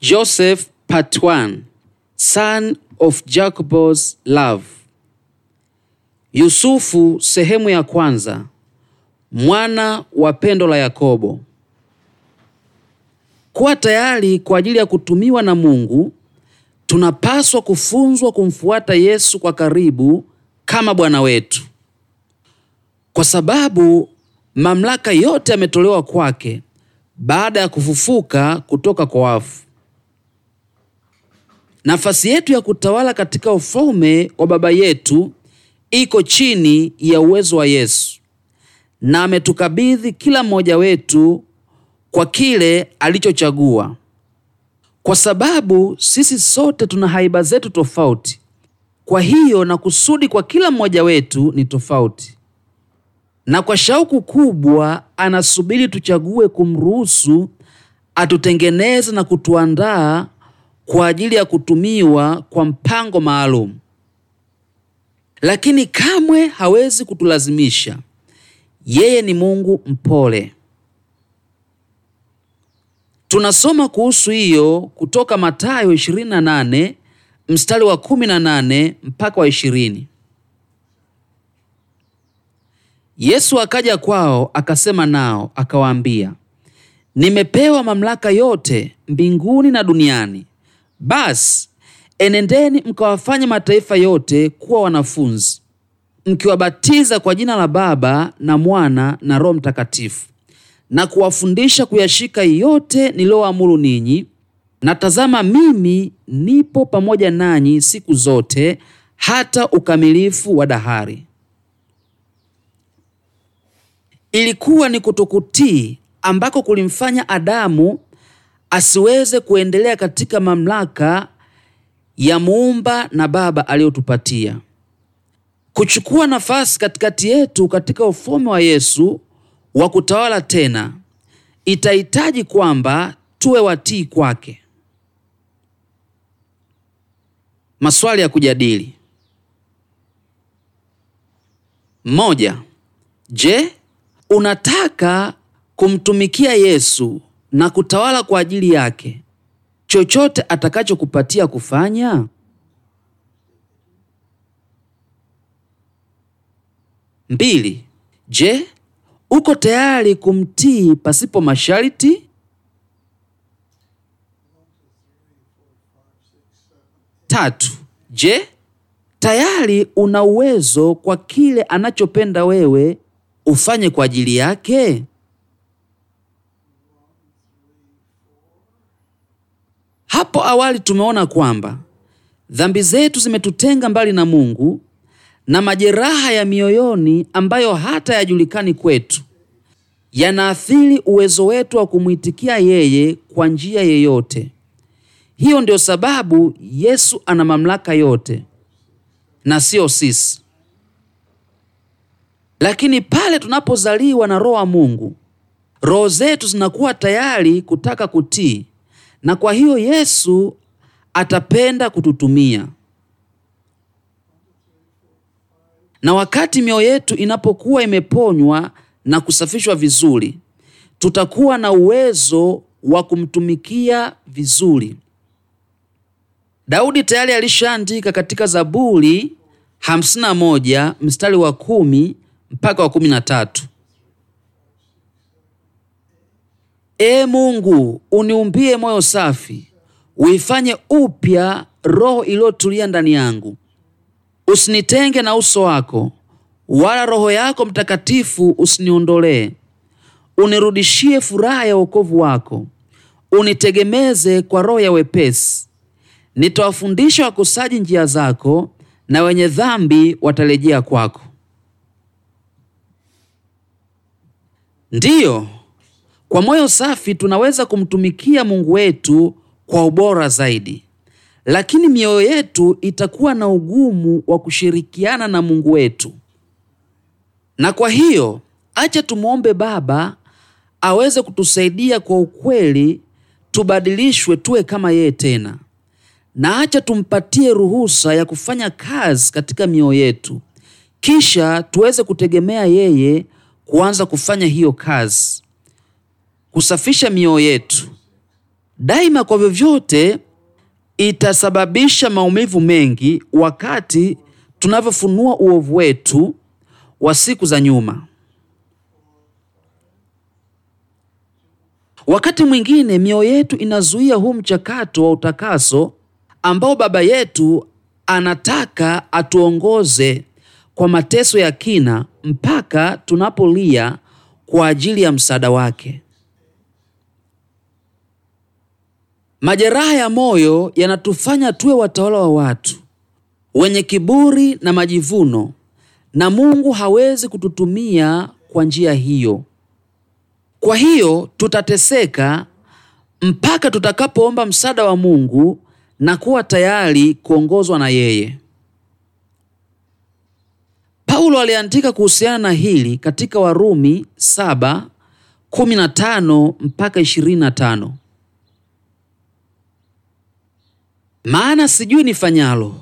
Joseph Patwan, son of Jacob's love. Yusufu sehemu ya kwanza, mwana wa pendo la Yakobo. Kuwa tayari kwa ajili ya kutumiwa na Mungu, tunapaswa kufunzwa kumfuata Yesu kwa karibu kama Bwana wetu, kwa sababu mamlaka yote yametolewa kwake baada ya kufufuka kutoka kwa wafu. Nafasi yetu ya kutawala katika ufalme wa Baba yetu iko chini ya uwezo wa Yesu, na ametukabidhi kila mmoja wetu kwa kile alichochagua, kwa sababu sisi sote tuna haiba zetu tofauti. Kwa hiyo na kusudi kwa kila mmoja wetu ni tofauti, na kwa shauku kubwa anasubiri tuchague kumruhusu atutengeneze na kutuandaa kwa ajili ya kutumiwa kwa mpango maalum, lakini kamwe hawezi kutulazimisha. Yeye ni Mungu mpole. Tunasoma kuhusu hiyo kutoka Mathayo 28 mstari wa 18 mpaka wa 20. Yesu akaja kwao akasema nao akawaambia, nimepewa mamlaka yote mbinguni na duniani. Basi enendeni mkawafanye mataifa yote kuwa wanafunzi, mkiwabatiza kwa jina la Baba na Mwana na Roho Mtakatifu, na kuwafundisha kuyashika yote niliyoamuru ninyi, na tazama, mimi nipo pamoja nanyi siku zote hata ukamilifu wa dahari. Ilikuwa ni kutokutii ambako kulimfanya Adamu asiweze kuendelea katika mamlaka ya muumba na baba aliyotupatia. Kuchukua nafasi katikati yetu katika ufalme wa Yesu wa kutawala tena, itahitaji kwamba tuwe watii kwake. Maswali ya kujadili: moja. Je, unataka kumtumikia Yesu na kutawala kwa ajili yake, chochote atakachokupatia kufanya mbili. Je, uko tayari kumtii pasipo masharti? Tatu. Je, tayari una uwezo kwa kile anachopenda wewe ufanye kwa ajili yake? Hapo awali tumeona kwamba dhambi zetu zimetutenga mbali na Mungu na majeraha ya mioyoni ambayo hata yajulikani kwetu yanaathiri uwezo wetu wa kumwitikia yeye kwa njia yeyote. Hiyo ndio sababu Yesu ana mamlaka yote na siyo sisi. Lakini pale tunapozaliwa na Roho wa Mungu, roho zetu zinakuwa tayari kutaka kutii na kwa hiyo Yesu atapenda kututumia. Na wakati mioyo yetu inapokuwa imeponywa na kusafishwa vizuri, tutakuwa na uwezo wa kumtumikia vizuri. Daudi tayari alishaandika katika Zaburi 51 mstari wa kumi mpaka wa kumi na tatu. Ee Mungu, uniumbie moyo safi, uifanye upya roho iliyotulia ndani yangu. Usinitenge na uso wako, wala Roho yako Mtakatifu usiniondolee. Unirudishie furaha ya wokovu wako, unitegemeze kwa roho ya wepesi. Nitawafundisha wakosaji njia zako, na wenye dhambi watarejea kwako. Ndiyo, kwa moyo safi tunaweza kumtumikia Mungu wetu kwa ubora zaidi, lakini mioyo yetu itakuwa na ugumu wa kushirikiana na Mungu wetu. Na kwa hiyo acha tumwombe Baba aweze kutusaidia kwa ukweli, tubadilishwe tuwe kama yeye tena, na acha tumpatie ruhusa ya kufanya kazi katika mioyo yetu, kisha tuweze kutegemea yeye kuanza kufanya hiyo kazi kusafisha mioyo yetu daima, kwa vyovyote itasababisha maumivu mengi wakati tunavyofunua uovu wetu wa siku za nyuma. Wakati mwingine mioyo yetu inazuia huu mchakato wa utakaso ambao Baba yetu anataka atuongoze kwa mateso ya kina mpaka tunapolia kwa ajili ya msaada wake. Majeraha ya moyo yanatufanya tuwe watawala wa watu wenye kiburi na majivuno, na Mungu hawezi kututumia kwa njia hiyo. Kwa hiyo tutateseka mpaka tutakapoomba msaada wa Mungu na kuwa tayari kuongozwa na yeye. Paulo aliandika kuhusiana na hili katika Warumi 7:15 mpaka 25. Maana sijui nifanyalo,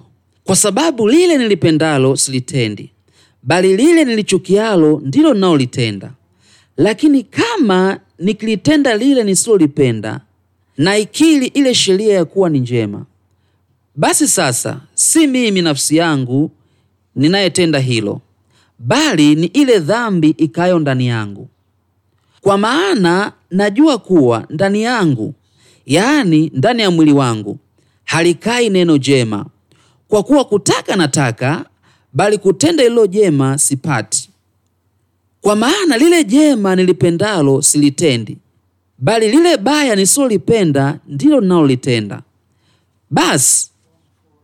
kwa sababu lile nilipendalo silitendi, bali lile nilichukialo ndilo nnaolitenda Lakini kama nikilitenda lile nisilolipenda, na ikili ile sheria ya kuwa ni njema. Basi sasa si mimi nafsi yangu ninayetenda hilo, bali ni ile dhambi ikayo ndani yangu. Kwa maana najua kuwa ndani yangu, yaani ndani ya mwili wangu halikai neno jema. Kwa kuwa kutaka nataka, bali kutenda lililo jema sipati. Kwa maana lile jema nilipendalo silitendi, bali lile baya nisilolipenda ndilo ninalolitenda. Basi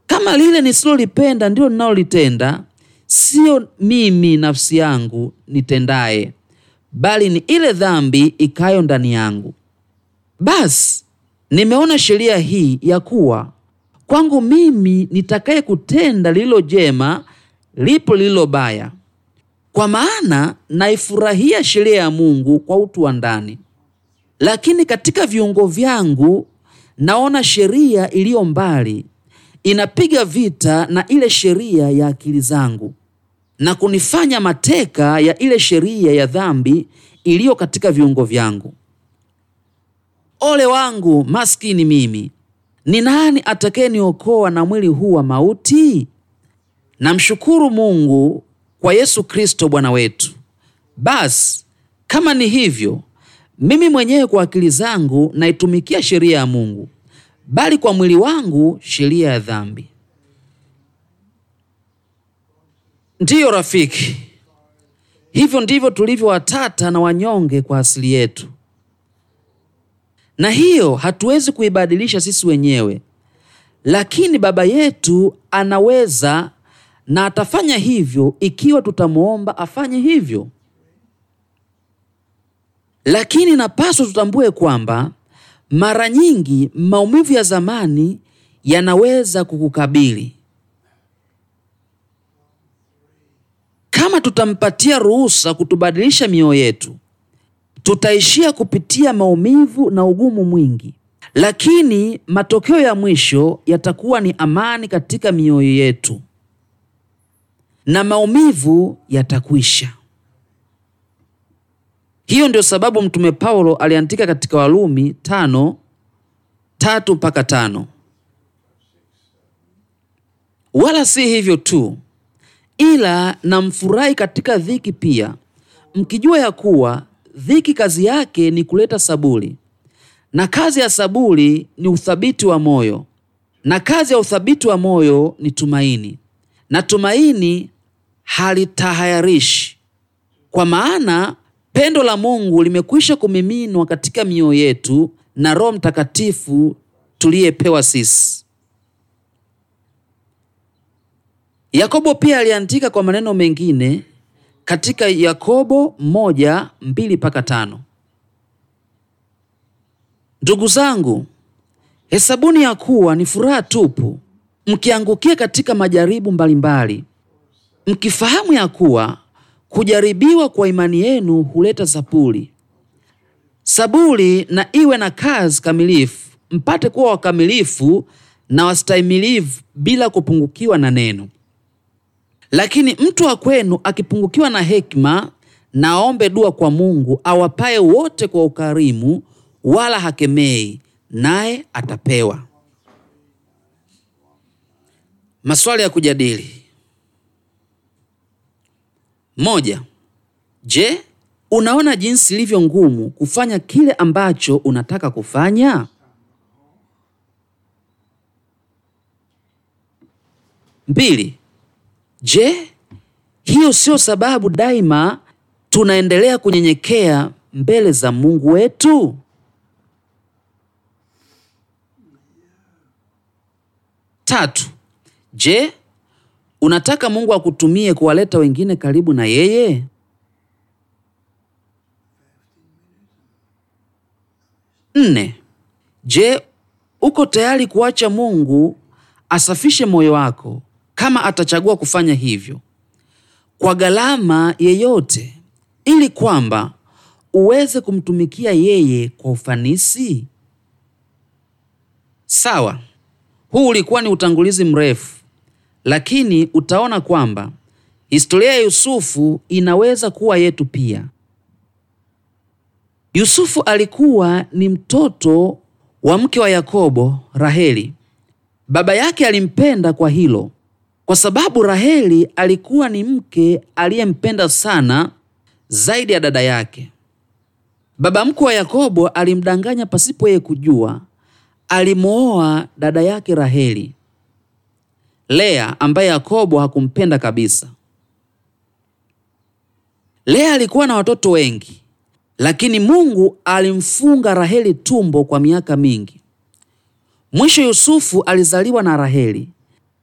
kama lile nisilolipenda ndilo ninalolitenda, siyo mimi nafsi yangu nitendaye, bali ni ile dhambi ikayo ndani yangu. Basi nimeona sheria hii ya kuwa kwangu mimi nitakaye kutenda lililo jema lipo lililo baya, kwa maana naifurahia sheria ya Mungu kwa utu wa ndani, lakini katika viungo vyangu naona sheria iliyo mbali inapiga vita na ile sheria ya akili zangu na kunifanya mateka ya ile sheria ya dhambi iliyo katika viungo vyangu ole wangu maskini mimi, ni nani atakayeniokoa na mwili huu wa mauti? Namshukuru Mungu kwa Yesu Kristo Bwana wetu. Basi kama ni hivyo, mimi mwenyewe kwa akili zangu naitumikia sheria ya Mungu, bali kwa mwili wangu sheria ya dhambi. Ndiyo rafiki, hivyo ndivyo tulivyo watata na wanyonge kwa asili yetu na hiyo hatuwezi kuibadilisha sisi wenyewe, lakini Baba yetu anaweza na atafanya hivyo ikiwa tutamwomba afanye hivyo. Lakini napaswa tutambue kwamba mara nyingi maumivu ya zamani yanaweza kukukabili kama tutampatia ruhusa kutubadilisha mioyo yetu tutaishia kupitia maumivu na ugumu mwingi, lakini matokeo ya mwisho yatakuwa ni amani katika mioyo yetu na maumivu yatakwisha. Hiyo ndio sababu Mtume Paulo aliandika katika Warumi tano tatu mpaka tano wala si hivyo tu, ila namfurahi katika dhiki pia, mkijua ya kuwa Dhiki kazi yake ni kuleta saburi, na kazi ya saburi ni uthabiti wa moyo, na kazi ya uthabiti wa moyo ni tumaini, na tumaini halitahayarishi, kwa maana pendo la Mungu limekwisha kumiminwa katika mioyo yetu na Roho Mtakatifu tuliyepewa sisi. Yakobo pia aliandika kwa maneno mengine katika Yakobo moja mbili mpaka tano. Ndugu zangu, hesabuni ya kuwa ni furaha tupu mkiangukia katika majaribu mbalimbali, mkifahamu ya kuwa kujaribiwa kwa imani yenu huleta saburi. Saburi na iwe na kazi kamilifu, mpate kuwa wakamilifu na wastahimilivu bila kupungukiwa na neno. Lakini mtu wa kwenu akipungukiwa na hekima, na dua kwa Mungu awapaye wote kwa ukarimu, wala hakemei, naye atapewa. Maswali ya kujadili: moja. Je, unaona jinsi ilivyo ngumu kufanya kile ambacho unataka kufanya? Mbili. Je, hiyo sio sababu daima tunaendelea kunyenyekea mbele za Mungu wetu? Tatu, je, unataka Mungu akutumie kuwaleta wengine karibu na yeye? Nne, je, uko tayari kuacha Mungu asafishe moyo wako kama atachagua kufanya hivyo kwa gharama yeyote, ili kwamba uweze kumtumikia yeye kwa ufanisi. Sawa, huu ulikuwa ni utangulizi mrefu, lakini utaona kwamba historia ya Yusufu inaweza kuwa yetu pia. Yusufu alikuwa ni mtoto wa mke wa Yakobo, Raheli. Baba yake alimpenda kwa hilo kwa sababu Raheli alikuwa ni mke aliyempenda sana zaidi ya dada yake. Baba mkwe wa Yakobo alimdanganya pasipo yeye kujua, alimwoa dada yake Raheli, Lea ambaye Yakobo hakumpenda kabisa. Lea alikuwa na watoto wengi, lakini Mungu alimfunga Raheli tumbo kwa miaka mingi. Mwisho Yusufu alizaliwa na Raheli.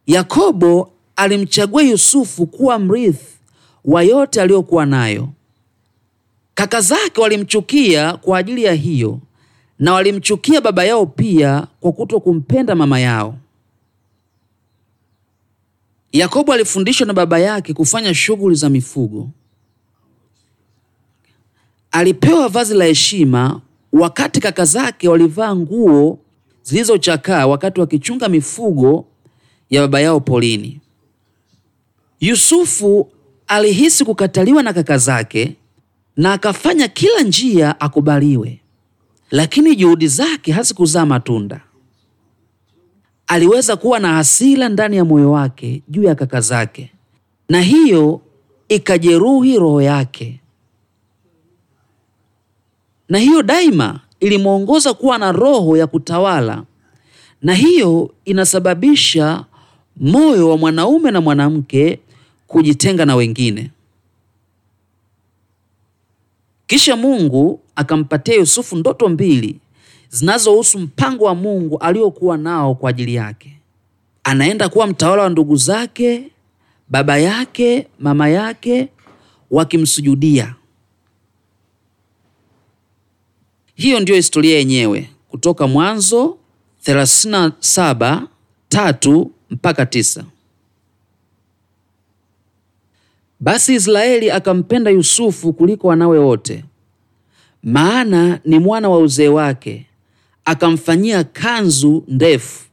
Yakobo alimchagua Yusufu kuwa mrithi wa yote aliyokuwa nayo. Kaka zake walimchukia kwa ajili ya hiyo, na walimchukia baba yao pia kwa kuto kumpenda mama yao. Yakobo alifundishwa na baba yake kufanya shughuli za mifugo. Alipewa vazi la heshima, wakati kaka zake walivaa nguo zilizochakaa wakati wakichunga mifugo ya baba yao polini. Yusufu alihisi kukataliwa na kaka zake na akafanya kila njia akubaliwe, lakini juhudi zake hazikuzaa matunda. Aliweza kuwa na hasira ndani ya moyo wake juu ya kaka zake, na hiyo ikajeruhi roho yake, na hiyo daima ilimwongoza kuwa na roho ya kutawala, na hiyo inasababisha moyo wa mwanaume na mwanamke kujitenga na wengine. Kisha Mungu akampatia Yusufu ndoto mbili zinazohusu mpango wa Mungu aliokuwa nao kwa ajili yake. Anaenda kuwa mtawala wa ndugu zake, baba yake, mama yake wakimsujudia. Hiyo ndiyo historia yenyewe kutoka Mwanzo 37:3 mpaka 9. Basi Israeli akampenda Yusufu kuliko wanawe wote, maana ni mwana wa uzee wake, akamfanyia kanzu ndefu.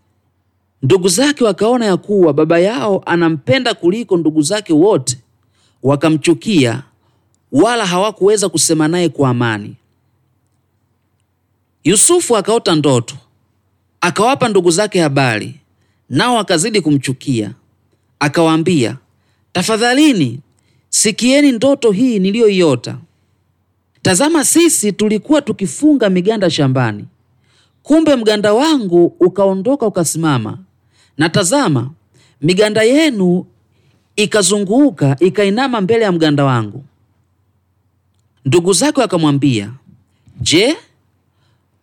Ndugu zake wakaona ya kuwa baba yao anampenda kuliko ndugu zake wote, wakamchukia, wala hawakuweza kusema naye kwa amani. Yusufu akaota ndoto, akawapa ndugu zake habari, nao akazidi kumchukia. Akawaambia, tafadhalini sikieni ndoto hii niliyoiota. Tazama, sisi tulikuwa tukifunga miganda shambani, kumbe mganda wangu ukaondoka ukasimama, na tazama, miganda yenu ikazunguka ikainama mbele ya mganda wangu. Ndugu zake wakamwambia, Je,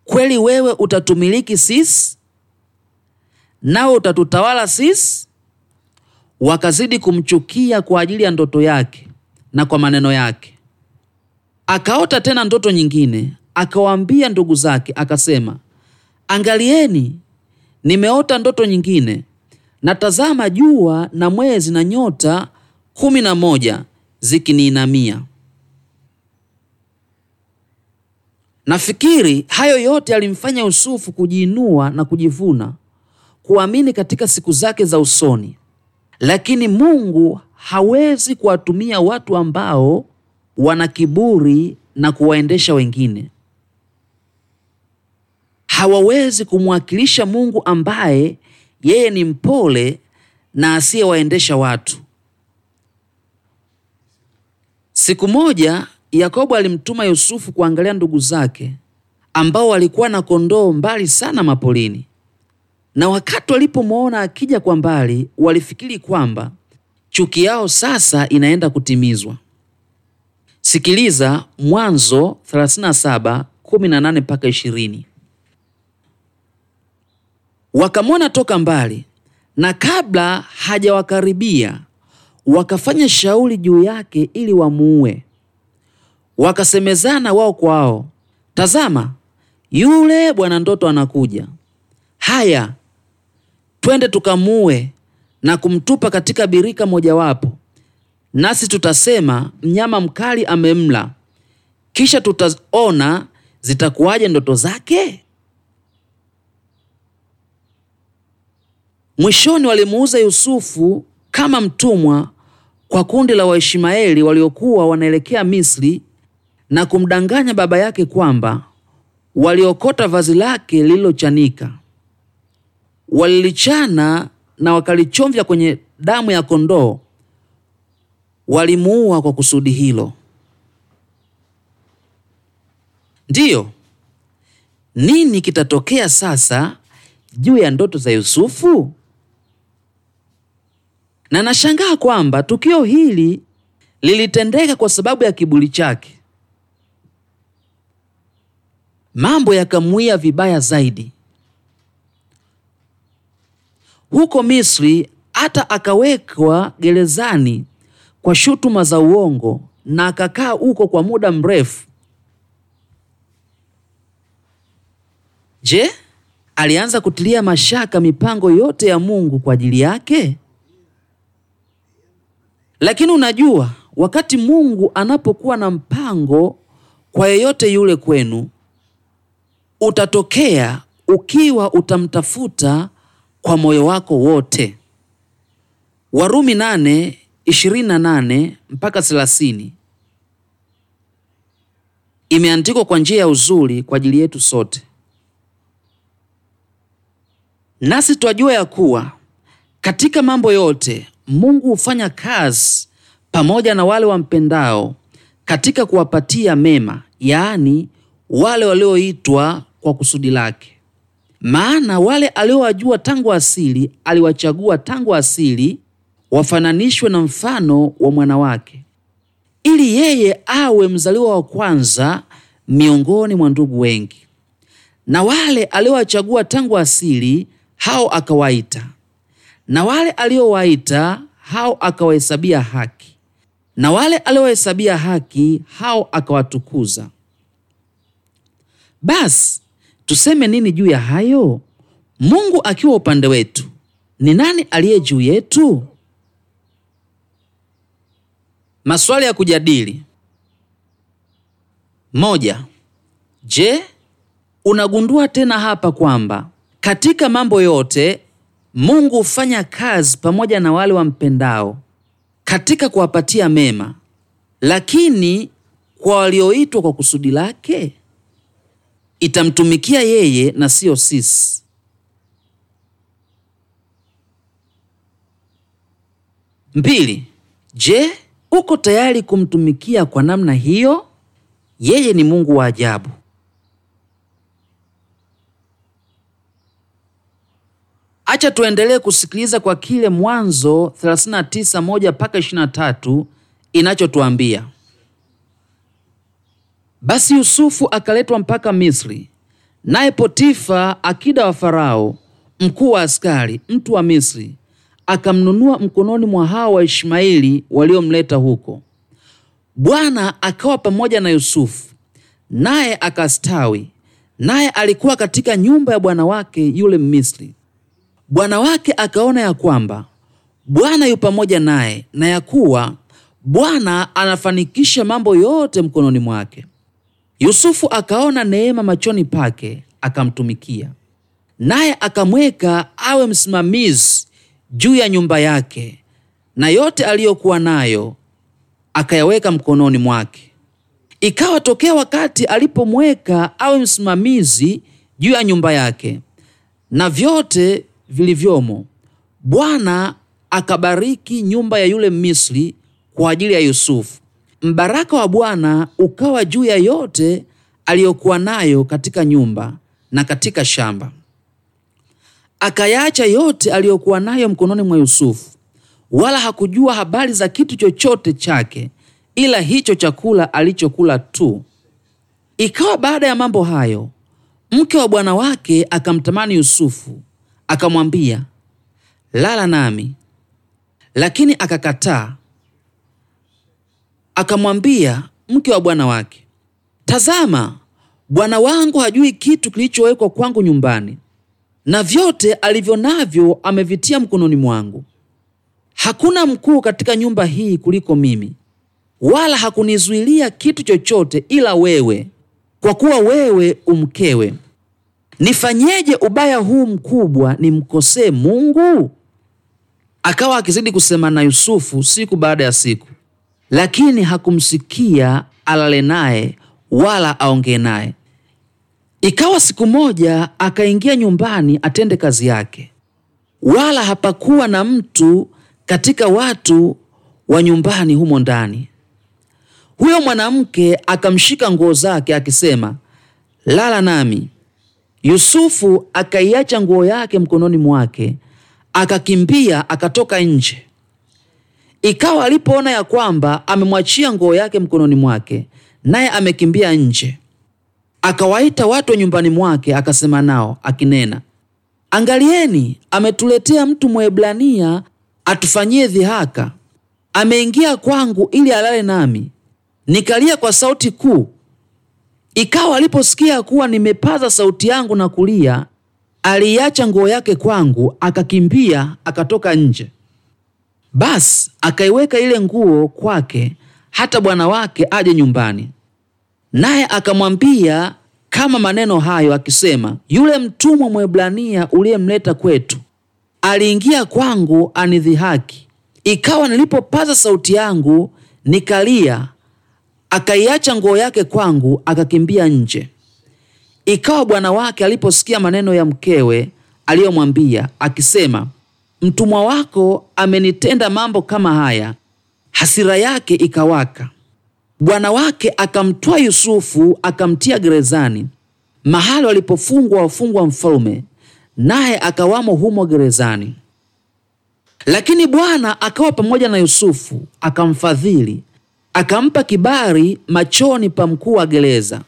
kweli wewe utatumiliki sisi, nao utatutawala sisi? wakazidi kumchukia kwa ajili ya ndoto yake na kwa maneno yake. Akaota tena ndoto nyingine, akawaambia ndugu zake akasema, angalieni, nimeota ndoto nyingine, na tazama, jua na mwezi na nyota kumi na moja zikiniinamia. Nafikiri hayo yote alimfanya Yusufu kujiinua na kujivuna, kuamini katika siku zake za usoni. Lakini Mungu hawezi kuwatumia watu ambao wana kiburi na kuwaendesha wengine. Hawawezi kumwakilisha Mungu ambaye yeye ni mpole na asiyewaendesha watu. Siku moja Yakobo alimtuma Yusufu kuangalia ndugu zake ambao walikuwa na kondoo mbali sana mapolini. Na wakati walipomwona akija kwa mbali, walifikiri kwamba chuki yao sasa inaenda kutimizwa. Sikiliza Mwanzo 37:18 mpaka 20. Wakamwona toka mbali, na kabla hajawakaribia wakafanya shauri juu yake ili wamuue. Wakasemezana wao kwa wao, tazama, yule bwana ndoto anakuja, haya twende tukamue na kumtupa katika birika mojawapo, nasi tutasema mnyama mkali amemla, kisha tutaona zitakuwaje ndoto zake. Mwishoni walimuuza Yusufu kama mtumwa kwa kundi la Waishmaeli waliokuwa wanaelekea Misri na kumdanganya baba yake kwamba waliokota vazi lake lililochanika walilichana na wakalichomvya kwenye damu ya kondoo, walimuua kwa kusudi hilo. Ndiyo, nini kitatokea sasa juu ya ndoto za Yusufu? Na nashangaa kwamba tukio hili lilitendeka kwa sababu ya kiburi chake. Mambo yakamwia vibaya zaidi huko Misri, hata akawekwa gerezani kwa shutuma za uongo na akakaa huko kwa muda mrefu. Je, alianza kutilia mashaka mipango yote ya Mungu kwa ajili yake? Lakini unajua, wakati Mungu anapokuwa na mpango kwa yeyote yule kwenu, utatokea ukiwa utamtafuta kwa moyo wako wote. Warumi nane ishirini na nane mpaka thelathini imeandikwa kwa njia ya uzuri kwa ajili yetu sote. Nasi twajua ya kuwa katika mambo yote Mungu hufanya kazi pamoja na wale wampendao katika kuwapatia mema, yaani wale walioitwa kwa kusudi lake. Maana wale aliowajua tangu asili aliwachagua tangu asili wafananishwe na mfano wa mwanawake ili yeye awe mzaliwa wa kwanza miongoni mwa ndugu wengi. Na wale aliowachagua tangu asili, hao akawaita; na wale aliowaita, hao akawahesabia haki; na wale aliowahesabia haki, hao akawatukuza. Basi Tuseme nini juu ya hayo? Mungu akiwa upande wetu, ni nani aliye juu yetu? Maswali ya kujadili. Moja. Je, unagundua tena hapa kwamba katika mambo yote Mungu hufanya kazi pamoja na wale wampendao katika kuwapatia mema, lakini kwa walioitwa kwa kusudi lake? itamtumikia yeye na sio sisi. Mbili, je, uko tayari kumtumikia kwa namna hiyo? Yeye ni Mungu wa ajabu. Acha tuendelee kusikiliza kwa kile Mwanzo 39:1 mpaka 23 inachotuambia. Basi Yusufu akaletwa mpaka Misri, naye Potifa, akida wa Farao, mkuu wa askari, mtu wa Misri, akamnunua mkononi mwa hawa Ishmaeli waliomleta huko. Bwana akawa pamoja na Yusufu, naye akastawi, naye alikuwa katika nyumba ya bwana wake yule Mmisri. Bwana wake akaona ya kwamba Bwana yu pamoja naye na ya kuwa Bwana anafanikisha mambo yote mkononi mwake. Yusufu akaona neema machoni pake, akamtumikia, naye akamweka awe msimamizi juu ya nyumba yake, na yote aliyokuwa nayo akayaweka mkononi mwake. Ikawa tokea wakati alipomweka awe msimamizi juu ya nyumba yake na vyote vilivyomo, Bwana akabariki nyumba ya yule Misri kwa ajili ya Yusufu, Mbaraka wa Bwana ukawa juu ya yote aliyokuwa nayo katika nyumba na katika shamba. Akayaacha yote aliyokuwa nayo mkononi mwa Yusufu, wala hakujua habari za kitu chochote chake ila hicho chakula alichokula tu. Ikawa baada ya mambo hayo, mke wa bwana wake akamtamani Yusufu, akamwambia, lala nami. Lakini akakataa, akamwambia mke wa bwana wake, tazama, bwana wangu hajui kitu kilichowekwa kwangu nyumbani, na vyote alivyo navyo amevitia mkononi mwangu. Hakuna mkuu katika nyumba hii kuliko mimi, wala hakunizuilia kitu chochote ila wewe, kwa kuwa wewe umkewe. Nifanyeje ubaya huu mkubwa nimkosee Mungu? Akawa akizidi kusema na Yusufu siku baada ya siku lakini hakumsikia alale naye wala aongee naye. Ikawa siku moja akaingia nyumbani atende kazi yake, wala hapakuwa na mtu katika watu wa nyumbani humo ndani. Huyo mwanamke akamshika nguo zake akisema, lala nami. Yusufu akaiacha nguo yake mkononi mwake, akakimbia akatoka nje. Ikawa alipoona ya kwamba amemwachia nguo yake mkononi mwake, naye amekimbia nje, akawaita watu wa nyumbani mwake, akasema nao akinena, angalieni, ametuletea mtu Mwebrania atufanyie dhihaka, ameingia kwangu ili alale nami. Nikalia kwa sauti kuu. Ikawa aliposikia kuwa nimepaza sauti yangu na kulia, aliiacha nguo yake kwangu, akakimbia akatoka nje. Basi akaiweka ile nguo kwake hata bwana wake aje nyumbani, naye akamwambia kama maneno hayo akisema, yule mtumwa Mwebrania uliyemleta kwetu aliingia kwangu anidhihaki, ikawa nilipopaza sauti yangu nikalia, akaiacha nguo yake kwangu, akakimbia nje. Ikawa bwana wake aliposikia maneno ya mkewe aliyomwambia akisema, mtumwa wako amenitenda mambo kama haya. Hasira yake ikawaka, bwana wake akamtwaa Yusufu akamtia gerezani, mahali walipofungwa wafungwa mfalme, naye akawamo humo gerezani. Lakini Bwana akawa pamoja na Yusufu, akamfadhili, akampa kibali machoni pa mkuu wa gereza.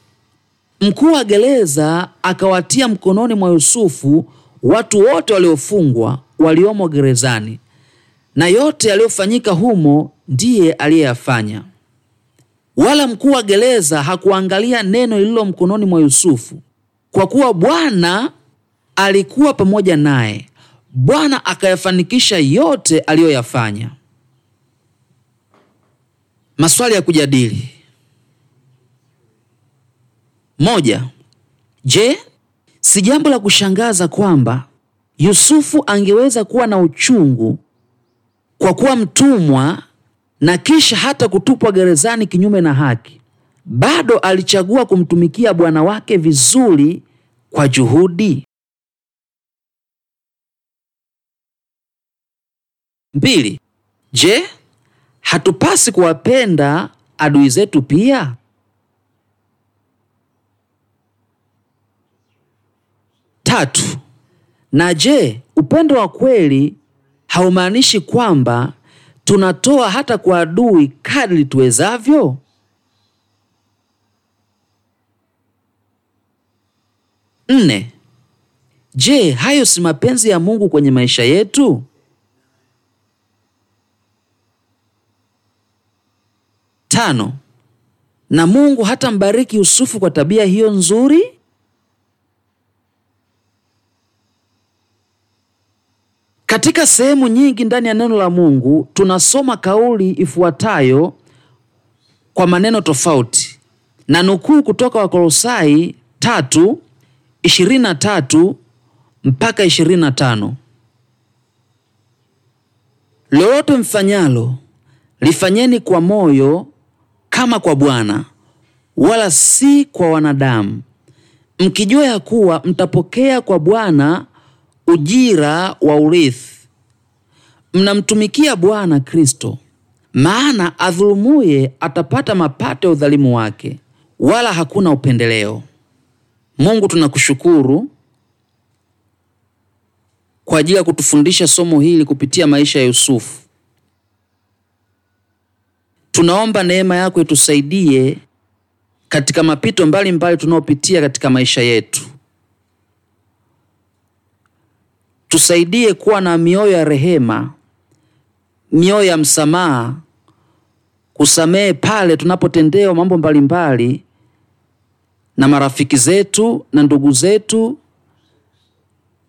Mkuu wa gereza akawatia mkononi mwa Yusufu watu wote waliofungwa waliomo gerezani, na yote yaliyofanyika humo ndiye aliyeyafanya. Wala mkuu wa gereza hakuangalia neno lililo mkononi mwa Yusufu, kwa kuwa Bwana alikuwa pamoja naye. Bwana akayafanikisha yote aliyoyafanya. Maswali ya kujadili: moja. Je, Si jambo la kushangaza kwamba Yusufu angeweza kuwa na uchungu kwa kuwa mtumwa na kisha hata kutupwa gerezani kinyume na haki. Bado alichagua kumtumikia bwana wake vizuri kwa juhudi. Mbili. Je, hatupasi kuwapenda adui zetu pia? Tatu, na je, upendo wa kweli haumaanishi kwamba tunatoa hata kwa adui kadri tuwezavyo? Nne, je, hayo si mapenzi ya Mungu kwenye maisha yetu? Tano, na Mungu hata mbariki Yusufu kwa tabia hiyo nzuri? Katika sehemu nyingi ndani ya neno la Mungu tunasoma kauli ifuatayo kwa maneno tofauti, na nukuu kutoka Wakolosai tatu mpaka 25: lolote mfanyalo lifanyeni kwa moyo kama kwa Bwana, wala si kwa wanadamu, mkijua ya kuwa mtapokea kwa Bwana ujira wa urithi, mnamtumikia Bwana Kristo. Maana adhulumuye atapata mapato ya udhalimu wake, wala hakuna upendeleo. Mungu, tunakushukuru kwa ajili ya kutufundisha somo hili kupitia maisha ya Yusufu. Tunaomba neema yako itusaidie katika mapito mbalimbali tunayopitia katika maisha yetu. tusaidie kuwa na mioyo ya rehema, mioyo ya msamaha, kusamehe pale tunapotendewa mambo mbalimbali na marafiki zetu na ndugu zetu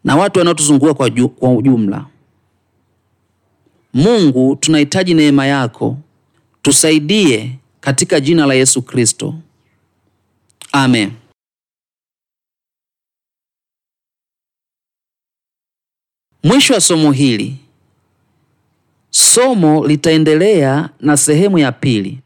na watu wanaotuzunguka kwa, ju, kwa ujumla. Mungu, tunahitaji neema yako, tusaidie katika jina la Yesu Kristo. Amen. Mwisho wa somo hili. Somo litaendelea na sehemu ya pili.